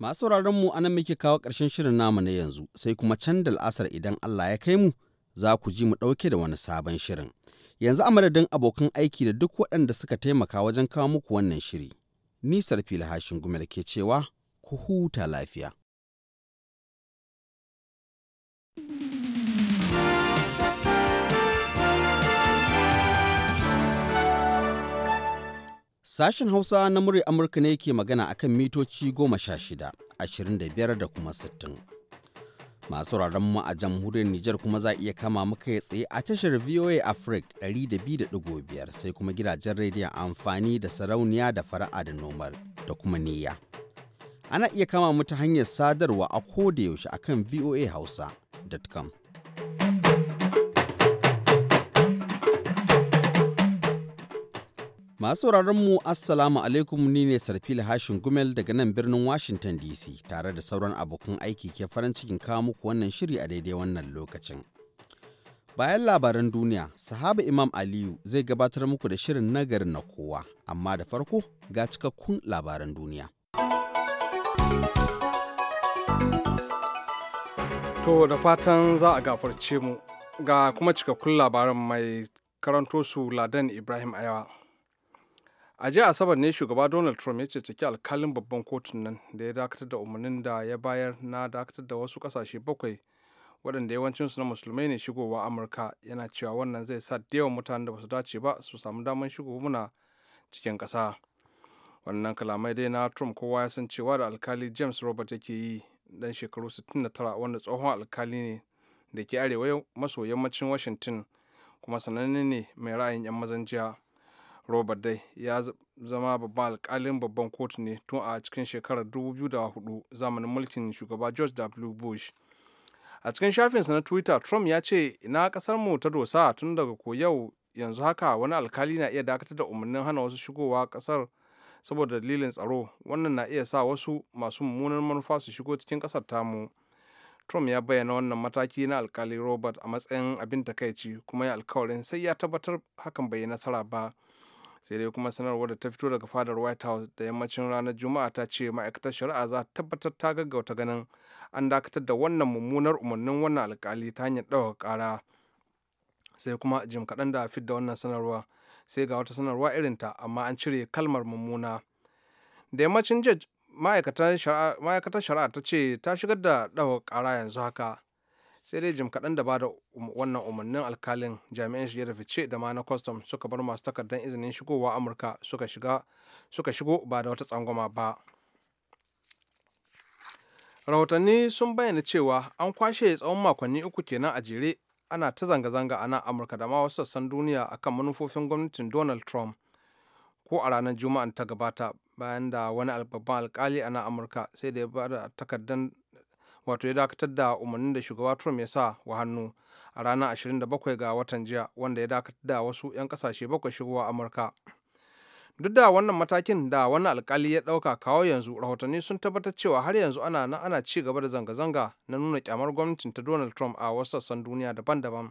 Masu mu anan muke kawo ƙarshen shirin namu na yanzu sai kuma can da al'asar idan Allah ya kai mu za ku ji mu ɗauke da wani sabon shirin. Yanzu a madadin abokan aiki da duk waɗanda suka taimaka wajen kawo muku wannan shiri. Ni Sarfila Hashin Gumel ke cewa ku huta lafiya. Sashen Hausa na murya Amurka ne ke magana akan mitoci goma sha shida, ashirin da biyar da kuma sittin. Masu mu a jamhuriyar Nijar kuma za iya kama muka tsaye a tashar VOA Africa biyar sai kuma gidajen rediyon amfani da sarauniya da fara'a da nomal da kuma niyya. Ana iya kama mu ta hanyar sadarwa a koda yaushe akan hausa.com. Masu mu Assalamu alaikum ni ne Sarfila Hashin Gumel daga nan birnin Washington DC tare da sauran abokan aiki ke farin cikin kawo muku wannan shiri a daidai wannan lokacin. Bayan labaran duniya, sahaba Imam Aliyu zai gabatar muku da shirin nagarin na kowa, amma da farko ga cikakkun labaran duniya. To da fatan za a gafarce mu ga kuma cikakkun labaran mai karanto su Ladan Ibrahim Ayawa. a jiya asabar ne shugaba donald trump ya ce ceceki alkalin babban kotun nan da ya dakatar da umarnin da ya bayar na dakatar da wasu kasashe bakwai waɗanda yawancinsu na musulmai ne shigowa amurka yana cewa wannan zai sa da yawan mutanen da ba su dace ba su samu damar shigo muna cikin ƙasa wannan kalamai dai na trump kowa ya san cewa da alkali james robert yake yi dan shekaru 69 wanda tsohon alkali ne da ke arewa maso yammacin washington kuma sananne ne mai ra'ayin 'yan mazan jiya robert dai ya zama babban alkalin babban kotu ne tun a cikin shekarar 2004 zamanin mulkin shugaba george w bush a cikin shafinsa na twitter trump ya ce ina kasar mu ta dosa tun daga ko yau yanzu haka wani alkali na iya dakatar da umarnin hana wasu shigowa kasar saboda dalilin tsaro wannan na iya sa wasu masu mummunan manufa su shigo cikin kasar tamu trump ya bayyana wannan mataki na alkali robert a matsayin abin takaici kuma ya alkawarin sai ya tabbatar hakan bai yi nasara ba sai dai kuma sanarwar da ta fito daga fadar white house da yammacin ranar juma'a ta ce ma'aikatar shari'a za ta tabbatar ta gaggauta ganin an dakatar da wannan mummunar umarnin wannan alkali ta hanyar ɗaukar ƙara sai kuma jim kaɗan da fit da wannan sanarwa sai ga wata sanarwa ta amma an cire kalmar mummuna da yammacin jej ma'aikatar shari'a ta ce ta shigar da ɗaukar ƙara yanzu haka sai dai jim kaɗan da ba da um, wannan umarnin alkalin jami'an shige da fice da ma na kwastam suka bar masu takardar izinin shigowa amurka suka shigo ba da wata tsangwama ba rahotanni sun bayyana cewa an kwashe tsawon makonni uku kenan a jere ana ta zanga-zanga a nan amurka da ma wasu sassan duniya akan manufofin gwamnatin donald trump ko a ranar juma'an ta gabata bayan da wani babban alkali a nan amurka sai da ya ba da takardar wato ya dakatar da umarnin da shugaba trump ya sa wa hannu a ranar 27 ga watan jiya wanda ya dakatar da wasu 'yan kasashe bakwai shigowa amurka duk da wannan matakin da wani alkali ya ɗauka kawo yanzu rahotanni sun tabbatar cewa har yanzu ana nan ana ci gaba da zanga-zanga na nuna kyamar gwamnatin ta donald trump a wasu sassan duniya daban-daban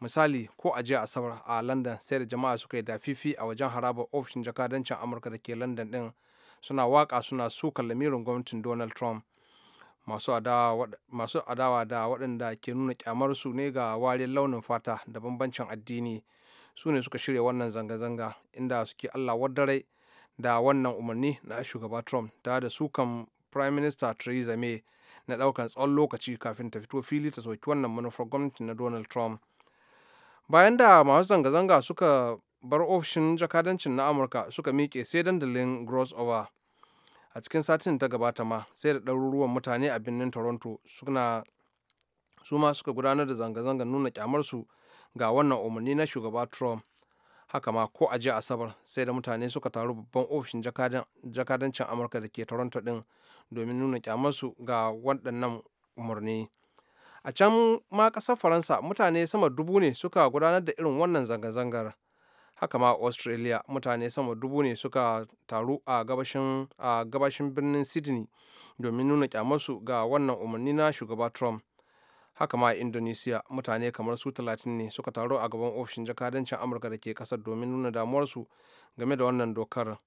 misali ko a jiya asabar a london sai da jama'a suka yi dafifi a wajen harabar ofishin jakadancin amurka da ke london din suna waka suna sukar lamirin gwamnatin donald trump masu adawa da waɗanda ke nuna kyamarsu ne ga wariyar launin fata da bambancin addini su ne suka shirya wannan zanga-zanga inda suke allah wadarai da wannan umarni na shugaba trump da da sukan prime minister theresa may na ɗaukar tsawon lokaci kafin ta fito fili ta soki wannan manufar gwamnati na donald trump bayan da masu zanga-zanga suka bar ofishin jakadancin na amurka suka miƙe sai dandalin over. a cikin satin da ta gabata ma sai da ɗaruruwan mutane a birnin toronto suna su ma suka gudanar da zanga zanga nuna kyamarsu ga wannan umarni na shugaba trump haka ma ko a jiya asabar sai da mutane suka taru babban ofishin jakadancin amurka da ke toronto din domin nuna kyamarsu ga waɗannan umarni a can ma ƙasar faransa mutane sama dubu ne suka gudanar da irin wannan zanga-zangar haka ma australia mutane sama dubu ne suka taru a gabashin birnin sydney domin nuna kyamarsu ga wannan umarni na shugaba trump haka ma a indonesia mutane kamar su talatin ne suka taru a gaban ofishin jakadancin amurka da ke kasar domin nuna damuwarsu game da wannan dokar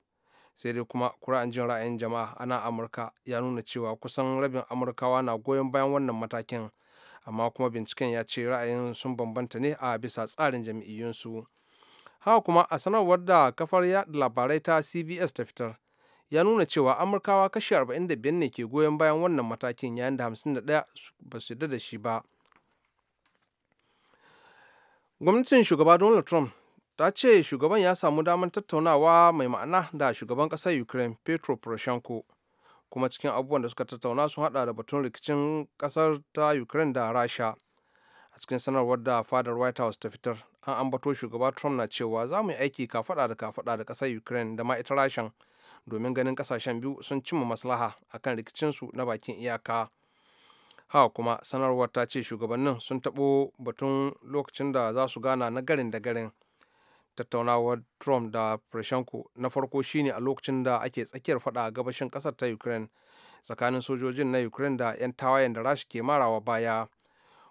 sai dai kuma kura'an jin ra'ayin jama'a ana amurka ya nuna cewa kusan rabin amurkawa na goyon bayan wannan matakin amma kuma binciken ya ce ra'ayin sun bambanta ne a bisa tsarin jam'iyyunsu. haka kuma a sanarwar da kafar yaɗa labarai ta cbs ta fitar ya nuna cewa amurkawa kashi 45 ne ke goyon bayan wannan matakin yayin da 51 ba su yarda da shi ba gwamnatin shugaba donald trump ta ce shugaban ya samu damar tattaunawa mai ma'ana da shugaban kasar ukraine petro poroshenko kuma cikin abubuwan da suka tattauna sun hada da batun rikicin ƙasar ta ukraine da rasha a cikin sanarwar da fadar white house ta fitar an ambato shugaba trump na cewa za mu yi aiki kafaɗa da kafaɗa da ƙasar ukraine da ma ita rashin domin ganin ƙasashen biyu sun cimma maslaha a akan rikicinsu na bakin iyaka haka kuma sanarwar ta ce shugabannin sun taɓo batun lokacin da za su gana na garin da garin tattaunawar trump da preshenko na farko shine a lokacin da ake tsakiyar fada a gabashin ƙasar ta ukraine tsakanin sojojin na ukraine da 'yan tawayen da rashi ke marawa baya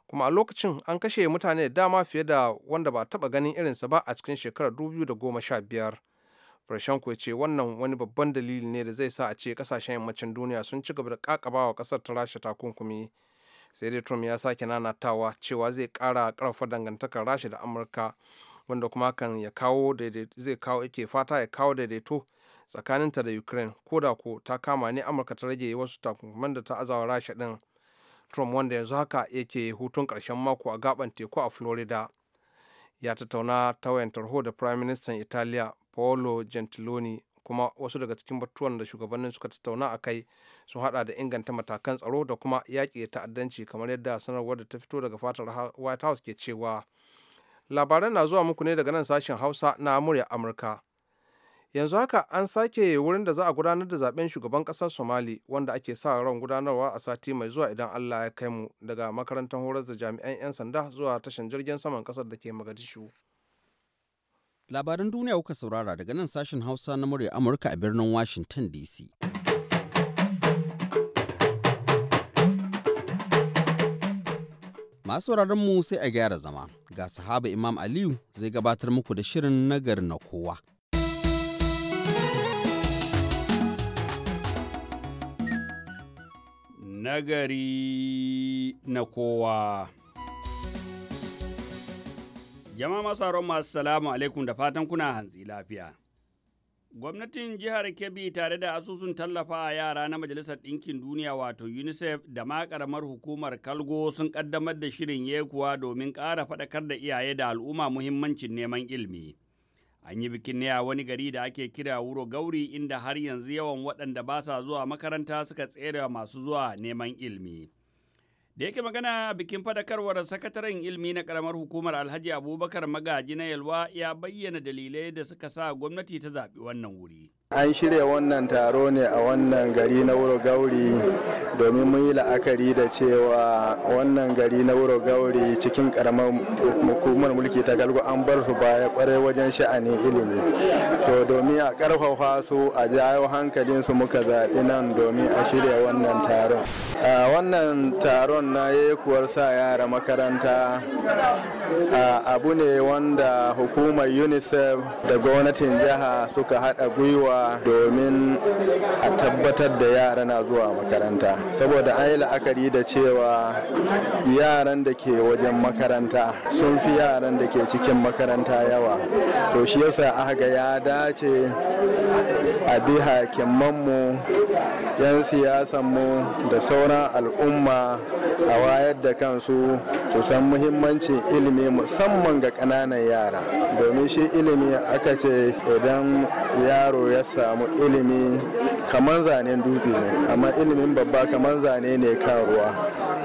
kuma a lokacin an kashe mutane da dama fiye da wanda ba taba ganin irinsa ba a cikin shekarar goma 2015 biyar ya ce wannan wani babban dalili ne da zai sa a ce kasashen yammacin duniya sun ci gaba da kakaba wa kasar ta rasha takunkumi sai dai trump ya sake nanatawa cewa zai kara karfa dangantakar rasha da amurka wanda kuma kan ya kawo zai kawo yake fata ya kawo daidaito tsakaninta da ukraine ko da ko ta kama ne amurka ta rage wasu takunkuman da ta azawa rasha din trump wanda yanzu haka yake hutun ƙarshen mako a gaban teku a florida ya tattauna ta wayan tarho da prime minister italiya paolo gentiloni kuma wasu daga cikin batuwan da shugabannin suka tattauna a kai sun hada da inganta matakan tsaro da kuma yaƙi da ta'addanci kamar yadda sanarwar da ta fito daga fatar white house ke cewa labaran na zuwa muku ne daga nan sashen hausa na murya amurka yanzu haka an sake wurin da za a gudanar da zaben shugaban kasar somali wanda ake sa ran gudanarwa a sati mai zuwa idan allah ya kai mu daga makarantar horar da jami'an 'yan sanda zuwa tashan jirgin saman kasar da ke magadishu labaran duniya kuka saurara daga nan sashen hausa na murya amurka a birnin washington dc masu mu sai a gyara zama ga sahaba imam aliyu zai gabatar muku da shirin nagari na kowa nagari na kowa. Jama'a masu masu salamu alaikum da fatan kuna hanzi lafiya. Gwamnatin jihar Kebbi tare da asusun tallafa a yara na Majalisar Ɗinkin Duniya wato UNICEF da ma ƙaramar hukumar Kalgo sun ƙaddamar da shirin yekuwa domin ƙara faɗakar da iyaye da al'umma muhimmancin neman ilimi. An yi bikin ne a wani gari da ake kira wuro gauri inda har yanzu yawan waɗanda ba sa zuwa makaranta suka tsere masu zuwa neman ilimi. Da yake magana a bikin fadakarwar sakataren Ilmi na karamar hukumar Alhaji Abubakar Magaji na Yalwa ya bayyana dalilai da suka sa gwamnati ta zaɓi wannan wuri. An shirya wannan taro ne a wannan gari na wuro gauri domin mun yi la'akari da cewa wannan gari na wuro gauri cikin karamar hukumar mulki ta galgo an bar su baya kwarai wajen sha'anin ilimi. So domin a karfafa su a jawo hankalin su muka zaɓi nan domin a shirya wannan taron. A wannan taron na kuwar sa yara makaranta abu ne wanda hukumar UNICEF da gwamnatin jiha suka haɗa gwiwa domin a tabbatar da yara na zuwa makaranta saboda an yi la'akari da cewa yaran da ke wajen makaranta sun fi yaran da ke cikin makaranta yawa so shi yasa aka ga ya dace a bi hakimanmu 'yan mu da sauran al'umma a wayar da kansu su san muhimmancin ilimi musamman ga ƙananan yara domin shi ilimi aka ce idan yaro ya samu ilimi kamar zane dutse ne amma ilimin babba kamar zane ne kan ruwa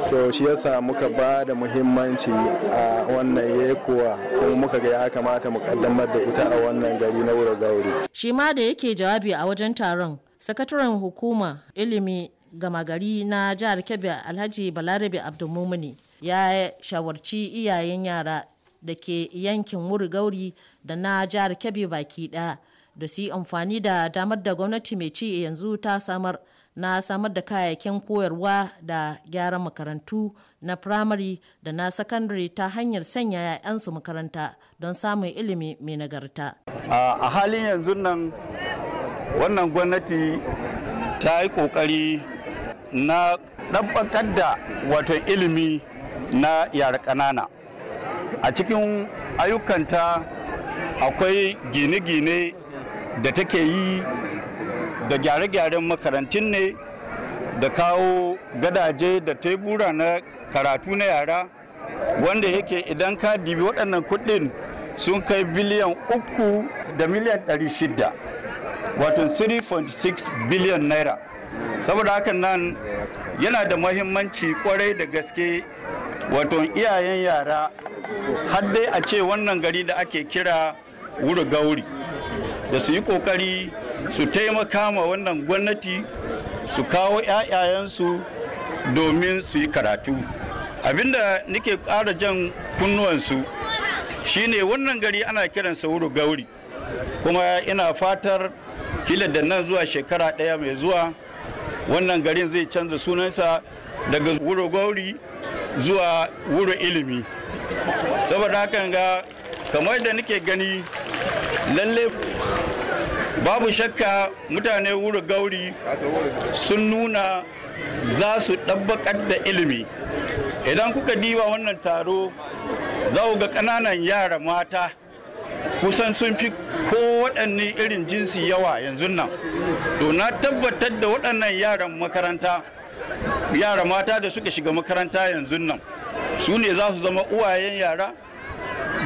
so shi ya samu ka ba da muhimmanci a wannan yekuwa kuma muka ga ya kamata mu kaddamar da ita a wannan gari na wuro gauri shi ma da yake jawabi a wajen taron sakataren hukuma ilimi gama gari na jihar kebbi alhaji balarabe abdulmumini ya shawarci iyayen yara da ke yankin wuri gauri da na jihar kebbi baki ɗaya da su yi amfani da damar da gwamnati mai ci yanzu ta samar na samar da kayayyakin koyarwa da gyaran makarantu na firamare da na sakandare ta hanyar sanya 'ya'yansu makaranta don samun ilimi mai nagarta. a halin yanzu nan wannan gwamnati ta yi kokari na ɗabbakar da wato ilimi na yara ƙanana a cikin ayyukanta akwai gine-gine da take yi da gyare-gyaren makarantun ne da kawo gadaje da tebura na karatu na yara wanda yake idan ka dibi waɗannan kuɗin sun kai biliyan uku da miliyan ɗari shida wato 3.6 biliyan naira saboda hakan nan yana da mahimmanci kwarai da gaske wato iyayen yara har dai a ce wannan gari da ake kira wuri gauri da su yi kokari su taimaka ma wannan gwamnati su kawo 'ya'yayensu domin su yi karatu abinda nike ƙara jan kunnuwansu shine wannan gari ana kiransa sauro gauri kuma ina fatar kila da nan zuwa shekara ɗaya mai zuwa wannan garin zai canza sunansa daga wuro gauri zuwa wuro ilimi saboda hakan ga kamar da nike gani lalle babu shakka mutane wuri gauri sun nuna za su ɗabbaƙar da ilimi idan kuka diba wannan taro za ga ƙananan yara mata kusan sun fi ko waɗannan irin jinsi yawa yanzu nan to na tabbatar da waɗannan yaran makaranta yara mata da suka shiga makaranta yanzu nan su ne za su zama uwayen yara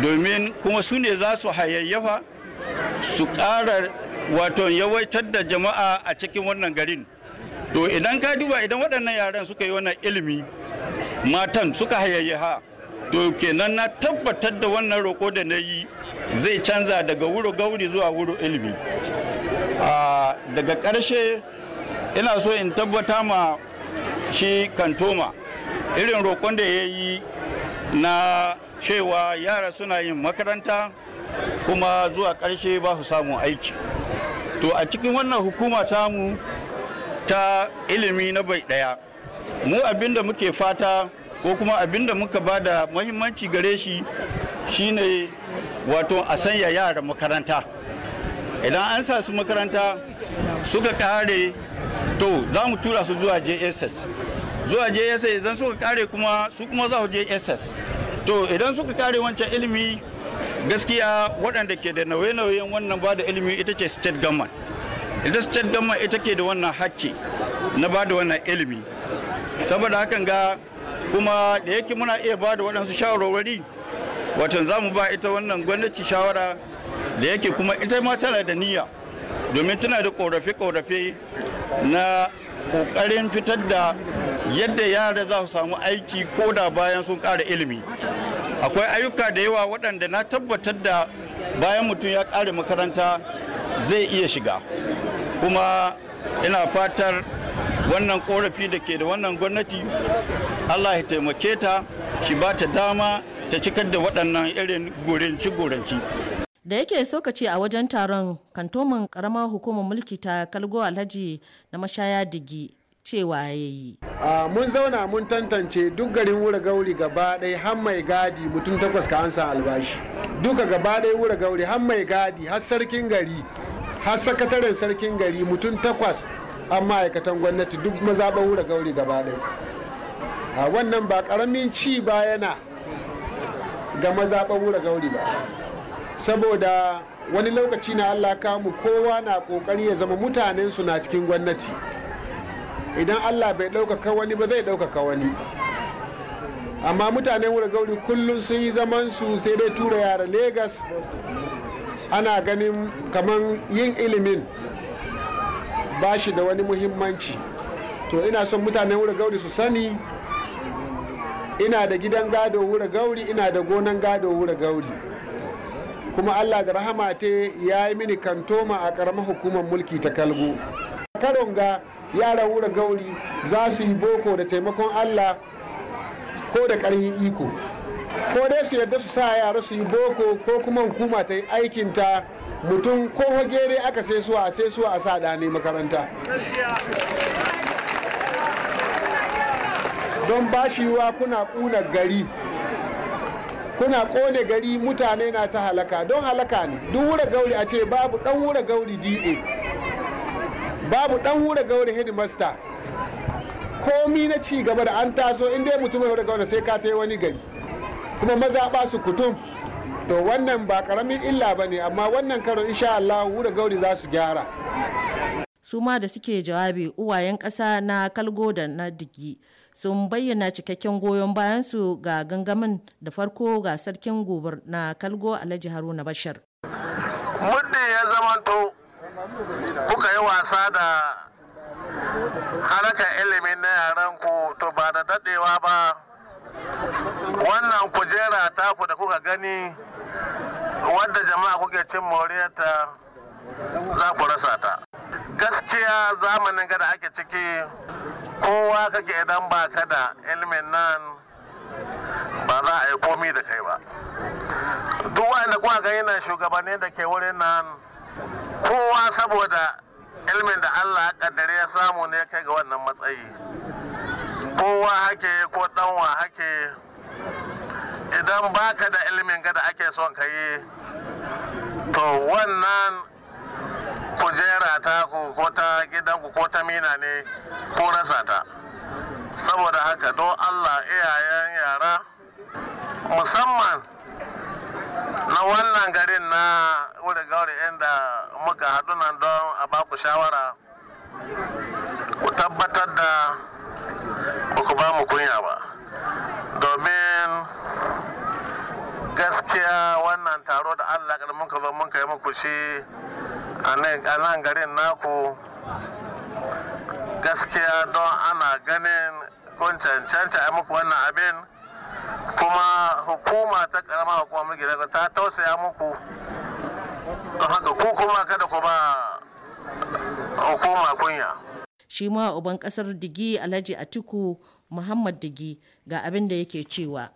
domin kuma su ne za su hayayyafa su ƙara wato yawaitar da jama'a a cikin wannan garin to idan ka duba idan waɗannan yaran suka yi wannan ilimi matan suka hayayyaha to kenan na tabbatar da wannan roƙo da na yi zai canza daga wuro gauri zuwa wuro ilimi daga ƙarshe ina so in tabbata ma shi kantoma irin roƙon da ya yi na cewa yara suna yin makaranta kuma zuwa ƙarshe ba su samun aiki to a cikin wannan hukuma tamu ta ilimi na bai ɗaya mu abinda muke fata ko kuma abinda muka ba da muhimmanci gare shi shine wato a sanya yara makaranta idan an sa su makaranta suka kare to za mu tura su zuwa jss zuwa jss idan suka kare kuma su kuma za su jss to idan suka kare wancan ilimi gaskiya waɗanda ke da nauye-nauyen wannan ba da ilimi ita ce state government ita state government ita ke da wannan hakki na ba da wannan ilimi saboda hakan ga kuma da yake muna iya ba da waɗansu shawarwari watan za mu ba ita wannan gwamnati shawara da yake kuma ita ma tana da niyya domin tana da ƙorafe-ƙorafe na ƙoƙarin fitar da yadda yara za su samu aiki ko da bayan sun ƙara ilimi akwai ayyuka da yawa waɗanda na tabbatar da bayan mutum ya ƙare makaranta zai iya shiga kuma ina fatar wannan korafi da ke da wannan gwamnati allah ya taimake ta shi ba ta dama ta cikar da waɗannan irin gorenci goranci da yake so ka ce a wajen taron kantomin karamar hukumar mulki ta kalgo alhaji na mashaya digi cewa ya yi. mun zauna mun tantance duk garin wura gauri gaba ɗaya har mai gadi mutum takwas ka ansa albashi duka gaba ɗaya wura gauri har mai gadi har sarkin gari har sakataren sarkin gari mutum takwas an ma'aikatan gwamnati duk mazaɓa wura gauri gaba ɗaya wannan ba ƙaramin ci ba yana ga mazaɓa wura gauri ba saboda wani lokaci na allah kamu kowa na kokari ya zama mutanen su na cikin gwamnati idan allah bai ɗaukaka wani ba zai ɗaukaka wani amma mutanen wuri gauri kullum sun yi zaman su sai dai tura yara Legas ana ganin kamar yin ilimin ba shi da wani muhimmanci to ina son mutanen wuri gauri su sani ina da gidan gado wuri gauri ina da gonan gado wuri gauri kuma allah da rahama ta ya yi mini kantoma a karamar hukumar mulki ta kalgo karon ga yaran wura gauri za su yi boko da taimakon allah ko da karhin iko ko dai su yarda su sa yara su yi boko ko kuma hukuma ta yi aikinta mutum ko hagere aka sai suwa sai suwa a sa ne makaranta don bashiwa, wa kuna ƙuna gari kuna kone gari mutane na ta halaka don halaka ne duk wura gauri a ce babu dan wura gauri da babu dan wura gauri headmaster komi na ci gaba da an taso in dai mutum wura gauri sai ka ta yi wani gari kuma maza ba su kutum to wannan ba karamin illa ba ne amma wannan karo insha Allah wura gauri za su gyara suma da suke jawabi uwayen kasa na kalgo da na digi sun bayyana cikakken goyon bayan su ga gangamin da farko ga sarkin gobar na kalgo alhaji haruna bashar. muddin ya zamanto kuka yi wasa da harkar ilimin na ku to ba da dadewa ba wannan kujera taku da kuka gani wadda jama'a kuke cin moriyarta za ku rasa ta gaskiya zamanin gada ake ciki kowa kake idan ba ka da ilimin nan ba za a yi komi da kai ba duk wanda kuwa ga yana shugabanni da ke wurin nan kowa saboda ilimin da allah kaddare ya samu ne kai ga wannan matsayi kowa hake ko danwa hake idan baka da ilimin gada da ake son ka yi to wannan kujera ta ku ko ta gidanku ko ta mina ne ko rasa ta saboda haka don allah iyayen yara musamman na wannan garin na wuri gauri inda muka haɗu nan don a baku shawara ku tabbatar da baku ku ba mu kunya ba domin gaskiya wannan taro da allah ka zo mun kai muku shi a nan garin naku gaskiya don ana ganin kun cancanta a muku wannan abin kuma hukuma ta karama hukuma mulki daga ta tausaya muku don haka ku kuma kada ku ba hukuma kunya shi ma uban kasar digi alhaji atiku muhammad digi ga abin da yake cewa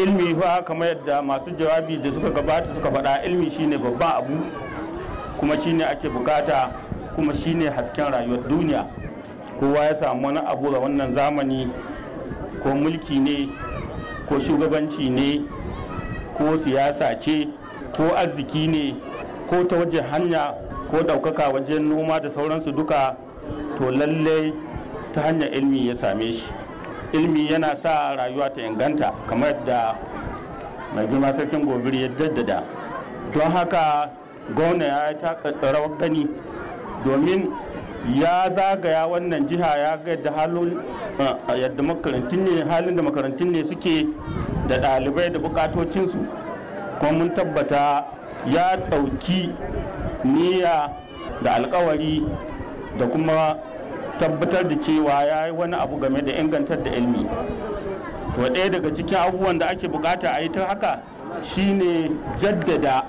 ilmi fa kamar yadda masu jawabi da suka gabata suka faɗa ilmi shine babba abu kuma shi ne ake bukata kuma shi ne hasken rayuwar duniya kowa ya samu wani abu da wannan zamani ko mulki ne ko shugabanci ne ko siyasa ce ko arziki ne ko ta wajen hanya ko ɗaukaka wajen noma da sauransu duka to lallai ta hanyar ilmi ya same shi ilmi yana sa rayuwa ta inganta kamar da mai girma sarkin gobir ya jaddada don haka gona ya yi rawar gani domin ya zagaya wannan jiha ya ga yadda makarantun ne halin da makarantun ne suke da ɗalibai da buƙatocinsu kuma mun tabbata ya ɗauki niyya da alkawari da kuma tabbatar da cewa ya yi wani abu game da ingantar da ilmi to ɗaya daga cikin abubuwan da ake bukata a yi ta haka shine jaddada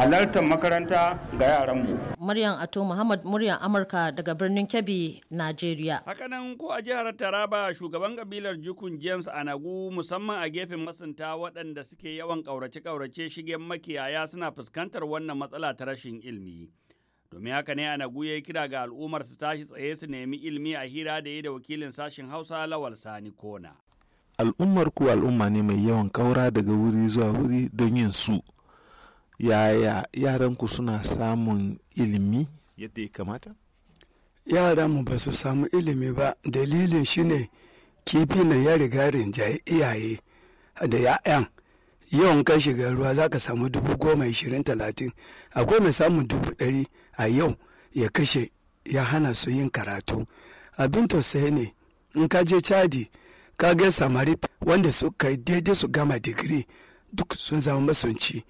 halartar makaranta ga yaranmu. Muryan Ato Muhammad muryan Amurka daga birnin Kebbi, Najeriya. Hakanan ko a jihar Taraba shugaban kabilar Jukun James Anagu musamman a gefen masunta waɗanda suke yawan ƙaurace-ƙaurace shigen makiyaya suna fuskantar wannan matsala ta rashin ilimi. Domin haka ne Anagu ya yi kira ga al'ummar su tashi tsaye su nemi ilimi a hira da yi da wakilin sashen Hausa Lawal Sani Kona. Al'ummar ku al'umma ne mai yawan ƙaura daga wuri zuwa wuri don yin su. yaya yaranku suna samun ilimi yadda ya kamata yaranmu ba su samu ilimi ba dalilin shine kifi na ya riga rinjaye iyaye da ya'yan yawan kai shiga ruwa za ka samu dubu goma ishirin talatin akwai mai samun dubu ɗari a yau ya kashe ya hana su yin karatu abin tausayi ne in ka je chadi ka ga samari wanda su kai daidai su gama digiri duk sun zama masunci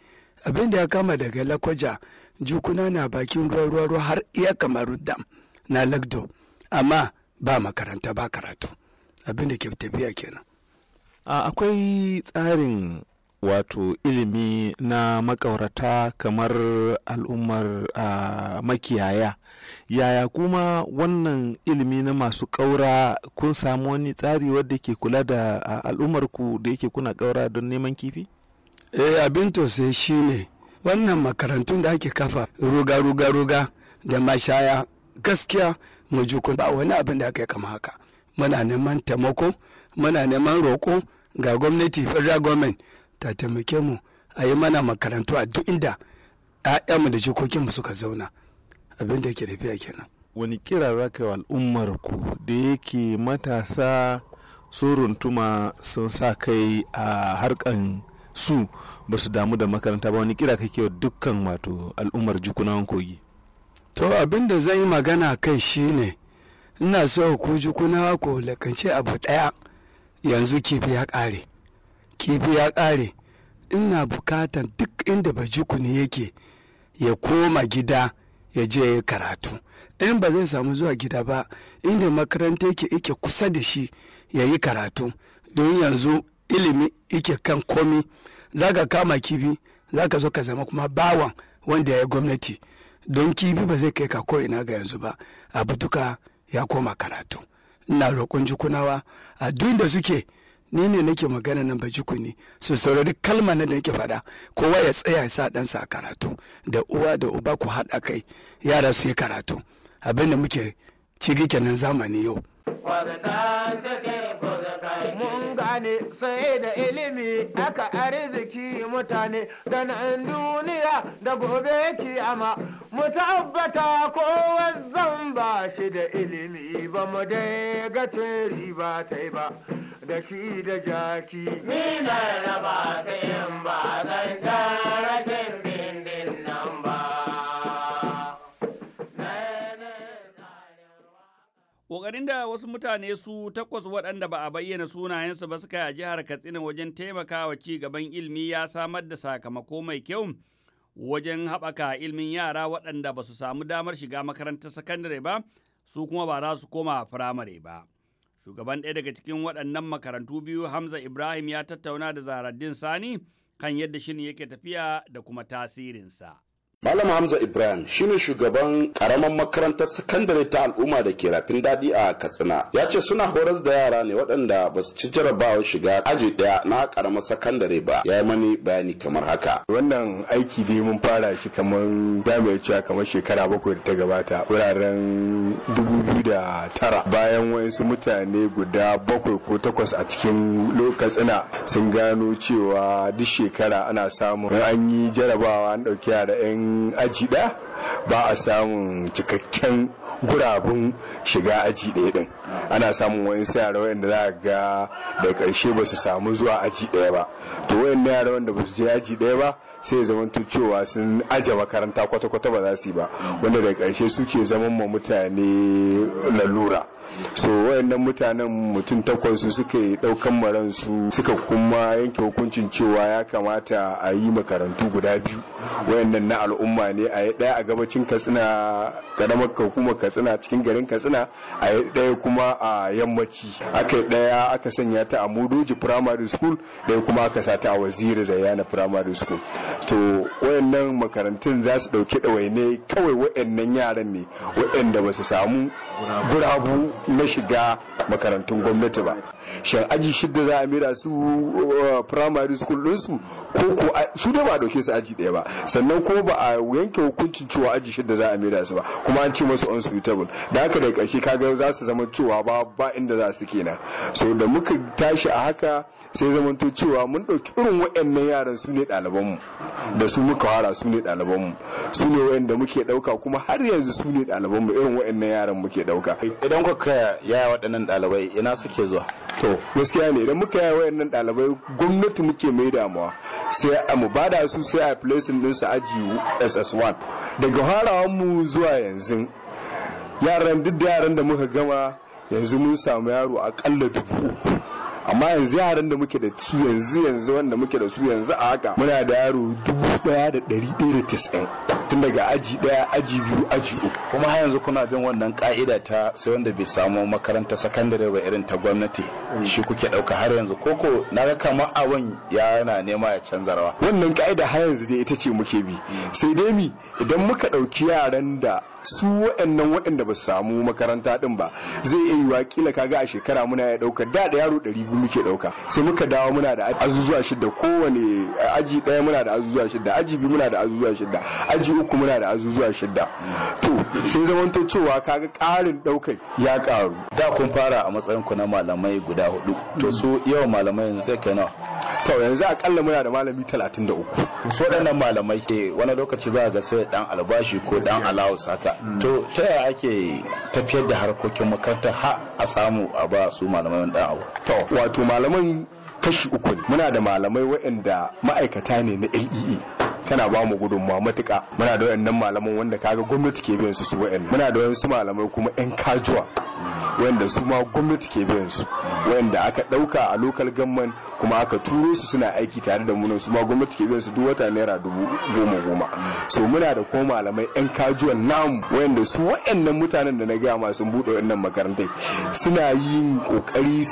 abin da ya kama daga lakwaja jukuna na bakin ruwa ruwa har iya kamar dam na lagdo amma ba makaranta ba karatu abin da ke tafiya kenan akwai tsarin wato ilimi na makaurata kamar al'ummar makiyaya yaya kuma wannan ilimi na masu kaura kun samu wani tsari wadda ke kula da al'ummarku da yake kuna kaura don neman kifi eh abin tausayi ne wannan makarantun da ake kafa ruga ruga ruga da mashaya gaskiya mu ji ba wani abin da aka yi kama haka muna neman taimako muna neman roƙo ga gwamnati federal government ta taimake mu a yi mana makarantu a duk inda 'ya'yanmu da jikokinmu suka zauna abin da ke tafiya kenan wani kira za ka yi al'ummar ku da yake matasa sun runtuma sun sa kai a harkan su ba su damu da makaranta ba wani kira kake dukkan wato al'ummar jukunan kogi to abin da zan yi magana kai shine ina so ku jukunawa ko lakance abu ɗaya yanzu kifi ya ƙare kifi ya ƙare ina bukatan duk inda ba jukuni yake ya koma gida ya je ya karatu in ba zai samu zuwa gida ba inda makaranta yake yake kusa da shi ya yi karatu don yanzu ilimi yake kan komi za ka kama kifi za ka zo ka zama kuma bawan wanda ya yi gwamnati don kifi ba zai kai ka ko ina ga yanzu ba abu duka ya koma karatu ina roƙon jukunawa a duk da suke ni ne nake magana nan ba jukuni su saurari kalma na da nake faɗa kowa ya tsaya ya sa ɗansa a karatu da uwa da uba ku haɗa kai yara su yi karatu abinda muke ciki kenan zamani yau. mutane sai da ilimi aka arziki mutane da nan duniya da gobe kiyama mu tabbata kowa zan ba shi da ilimi ba mu dai ga riba ta yi ba da shi da jaki ni na raba ta ba zan Ƙoƙarin da wasu mutane su takwas waɗanda ba a bayyana sunayensu ba suka yi a jihar Katsina wajen taimakawa ci gaban ilimi ya samar da sakamako mai kyau wajen haɓaka ilimin yara waɗanda ba su samu damar shiga makarantar sakandare ba su kuma ba za su koma firamare ba. Shugaban ɗaya daga cikin waɗannan makarantu biyu Hamza Ibrahim ya tattauna da Zaraddin Sani kan yadda shirin yake tafiya da kuma tasirinsa. Malam Hamza Ibrahim shine shugaban karamar makarantar sakandare ta al'umma da ke rafin dadi a Katsina. Ya ce suna horas da yara ne waɗanda ba su ci jarabawar shiga aji ɗaya na karamar sakandare ba. Ya yi mani bayani kamar haka. Wannan aiki dai mun fara shi kamar jami'a cewa kamar shekara bakwai da ta gabata wuraren dubu biyu da tara bayan wasu mutane guda bakwai ko takwas a cikin Katsina sun gano cewa duk shekara ana samun an yi jarabawa an ɗauki yara 'yan aji ɗaya ba a samun cikakken gurabun shiga aji ɗaya din ana samun wani yara wanda za a ga da ƙarshe ba su samu zuwa aji ɗaya ba to wayan yara wanda ba su je aji ɗaya ba sai zaman cewa sun aje makaranta kwata-kwata ba za su yi ba wanda da ƙarshe suke zaman ma mutane lalura so wayannan mutanen mutum takwasu suka yi daukan maransu suka kuma yanke hukuncin cewa ya kamata a yi makarantu guda biyu wayannan na al'umma ne a yi ɗaya a gabacin katsina karamar kuma katsina cikin garin katsina a yi ɗaya kuma a yammaci aka yi ɗaya aka sanya ta a mudoji primary school ɗaya kuma aka sa a waziri zayyana primary school to wayannan makarantun za su ɗauki ɗawaine kawai wayannan yaran ne wayanda ba su samu gurabu na shiga makarantun gwamnati ba shan aji shidda za a mira su eh, primary school ɗinsu ko ko su dai ba a ɗauke su aji ɗaya ba sannan kuma ba a yanke hukuncin cewa aji da za a maida su ba kuma an ce masu unsuitable da haka daga ƙarshe kaga za su zama cewa ba ba inda za su kenan so da muka tashi a haka sai zamanto cewa mun ɗauki irin waɗannan yaran su ne ɗalibanmu da su muka wara su ne ɗalibanmu su ne waɗanda muke ɗauka kuma har yanzu su ne ɗalibanmu irin waɗannan yaran muke ɗauka idan kuka yaya waɗannan ɗalibai ina suke zuwa to gaskiya ne idan muka yaya waɗannan ɗalibai gwamnati muke mai damuwa sai a mu bada su sai a placing su aji ss1 daga farawan mu zuwa yanzu yaran duk da yaran da muka gama yanzu mun samu yaro akalla dubu uku amma yanzu yaran da muke da su yanzu yanzu wanda muke da su yanzu a haka muna da yaro dubu daya da dari daya da tis'in tun daga aji daya aji biyu aji uku kuma har yanzu kuna bin wannan ka'ida ta sai wanda bai samu makaranta sakandare ba irin ta gwamnati mm. shi kuke dauka har yanzu koko na ga kamar awon yana nema ya canza rawa wannan ka'ida har yanzu dai ita ce muke bi mm. sai dai mi idan muka dauki yaran da su waɗannan waɗanda ba su samu makaranta ɗin ba zai iya yiwuwa kila kaga a shekara muna ya ɗauka da da yaro ɗari biyu muke ɗauka sai muka dawo muna da azuzuwa shidda, kowane aji ɗaya muna da azuzuwa shida aji biyu muna da azuzuwa shidda aji uku muna da azuzuwa shidda to sai to cewa kaga ƙarin ɗaukai ya ƙaru da kun fara a matsayin ku na malamai guda hudu to su yawan malamai yanzu sai kai nawa to yanzu akalla muna da malami 33 so Wadannan malamai ke wani lokaci za ga sai dan albashi ko dan allowance haka to ta yaya ake tafiyar da harkokin makaranta ha a samu a ba su malamai dan abu to wato malaman kashi uku ne muna da malamai waɗanda ma'aikata ne na LEE tana ba mu gudunmawa matuka muna da wayannan malaman wanda kaga gwamnati ke biyan su su wayannan muna da wayansu malamai kuma yan kajuwa wanda su ma gwamnati ke biyan su wanda aka dauka a lokal gamman kuma aka turo su suna aiki tare da munan su ma gwamnati ke biyan su duk wata naira dubu goma goma so muna da kuma malamai yan kajuwan namu wanda su waɗannan mutanen da na gaya ma sun bude wannan makarantai suna yin kokari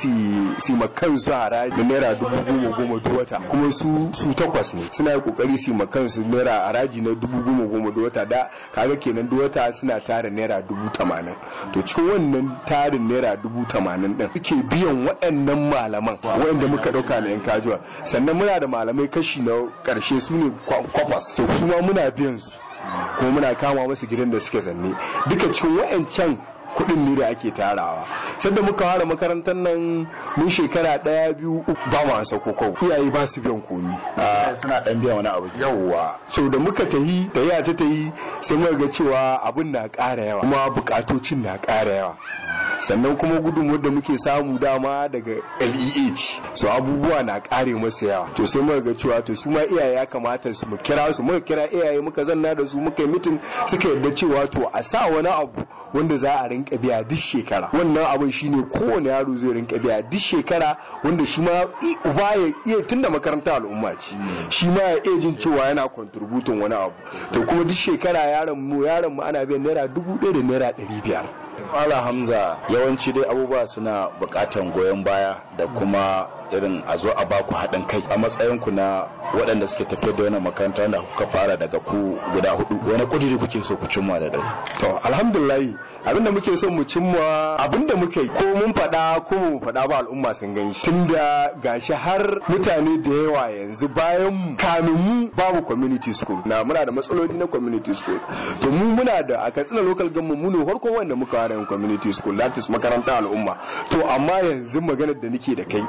su ma kansu haraji da naira dubu goma goma duk wata kuma su su takwas ne suna yin kokari su ma biyan su naira haraji na dubu goma goma da wata da kaga kenan da wata suna tara naira dubu tamanin to cikin wannan tarin naira dubu tamanin din suke biyan waɗannan malaman waɗanda muka ɗauka na yan kajuwa sannan muna da malamai kashi na ƙarshe su ne kwafas to kuma muna biyan su kuma muna kama masu gidan da suke zanne duka cikin waɗancan kuɗin ne da ake tarawa sadda muka fara makarantar nan mun shekara ɗaya biyu uku ba mu sako iyaye ba su biyan komi suna ɗan biyan wani abu yawwa so da muka tahi tahiya ta tahi sai muka ga cewa abin na ƙara yawa kuma buƙatocin na ƙara yawa sannan kuma gudunmuwar da muke samu dama daga leh su abubuwa na kare masa yawa to sai muka ga cewa to su ma iyaye ya kamata su mu kira su muka kira iyaye muka zanna da su muka yi mitin suka yadda cewa to a sa wani abu wanda za a rinka biya duk shekara wannan abin shine kowane yaro zai rinka biya duk shekara wanda shi ma uba ya iya tunda makaranta al'umma ce shi ma ya iya jin cewa yana kontributin wani abu to kuma duk shekara yaron mu yaron mu ana biyan naira dubu ɗaya da naira ɗari biyar Mala Hamza yawanci dai abubuwa suna bukatan goyon baya da kuma irin a zo a baku haɗin kai a matsayinku na waɗanda suke tafiyar da wannan makaranta wanda kuka fara daga ku guda hudu wani ƙudiri kuke so ku cimma da dare to alhamdulillah abinda muke so mu cimma abinda muke ko mun faɗa ko mu faɗa ba al'umma sun gan shi tunda gashi har mutane da yawa yanzu bayan mu kamin mu babu community school na muna da matsaloli na community school to mu muna da a katsina local government mu ne farko wanda muka fara yin community school that is makaranta al'umma to amma yanzu maganar da nake da kai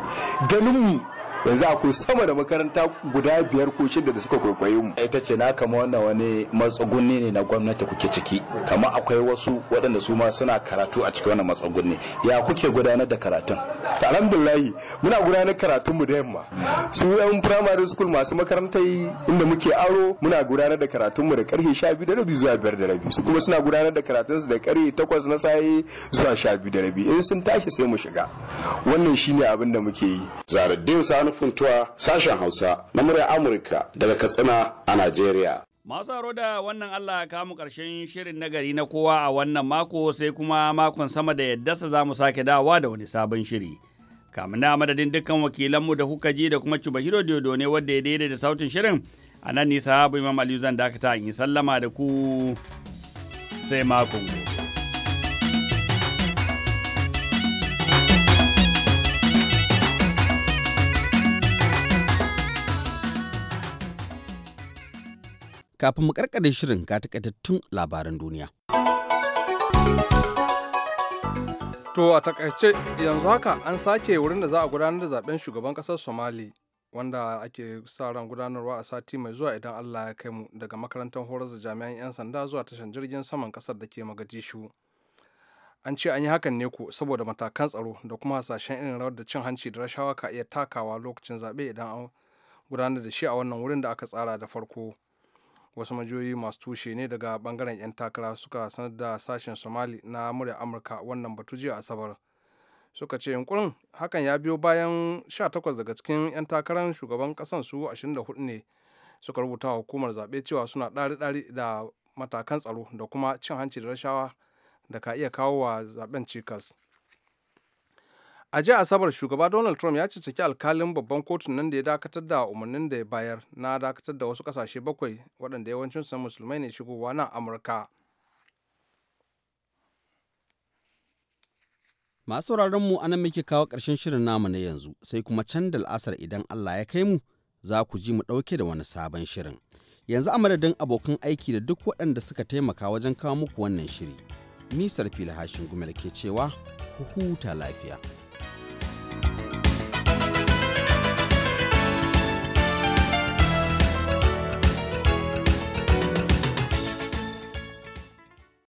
ganin mu yanzu akwai sama da makaranta guda biyar ko shida da suka kwaikwayo mu ita ce na kama wannan wani matsugunni ne na gwamnati kuke ciki kama akwai wasu waɗanda su ma suna karatu a cikin wannan matsugunni ya kuke gudanar da karatun alhamdulillahi muna gudanar karatun mu da yamma su yan primary school masu makarantar inda muke aro muna gudanar da karatun mu da karfe 12 da rabi zuwa 5 da rabi su kuma suna gudanar da karatun su da karfe 8 na sa'e zuwa 12 da rabi in sun tashi sai mu shiga wannan shine abin da muke yi zaradin sanu manufuntuwa sashen hausa na murya amurka daga katsina a najeriya Masu haro da wannan Allah ka karshen ƙarshen shirin nagari na kowa a wannan mako sai kuma makon sama da yaddasa za mu sake dawa da wani sabon shiri. Kamin na madadin dukkan wakilanmu da kuka ji da kuma Cubahiro Diodo ne wadda ya da sautin shirin a nan nisa Imam Aliyu zan dakata in yi sallama da ku sai makon gobe. Kafin mu karkare shirin ga takaitattun labaran duniya. To a takaice yanzu haka an sake wurin da za a gudanar da zaben shugaban kasar Somali wanda ake sa ran gudanarwa a sati mai zuwa idan Allah ya kai mu daga makarantar horar da jami'an 'yan sanda zuwa tashar jirgin saman kasar da ke Magadishu. An ce an yi hakan ne ku saboda matakan tsaro da kuma hasashen irin rawar da cin hanci da rashawa ka iya takawa lokacin zaɓe idan an gudanar da shi a wannan wurin da aka tsara da farko. wasu majiyoyi masu tushe ne daga bangaren 'yan takara suka sanar da sashen somali na murya amurka wannan batu jiya asabar suka ce yunkurin hakan ya biyo bayan 18 daga cikin 'yan takarar shugaban kasan su 24 ne suka rubuta hukumar zaɓe cewa suna ɗari-ɗari da matakan tsaro da kuma cin hanci da rashawa da ka iya kawo wa zaɓen cikas a jiya asabar shugaba donald trump ya cicciki alkalin babban kotun nan da ya dakatar da umarnin da ya bayar na dakatar da wasu kasashe bakwai waɗanda yawancinsu musulmai ne shigowa nan amurka masu mu a nan muke kawo karshen shirin namu na yanzu sai kuma can da al'asar idan allah ya kai mu za ku ji mu ɗauke da wani sabon shirin yanzu a madadin abokan aiki da duk waɗanda suka taimaka wajen kawo muku wannan shiri nisar fili hashin gumel ke cewa ku huta lafiya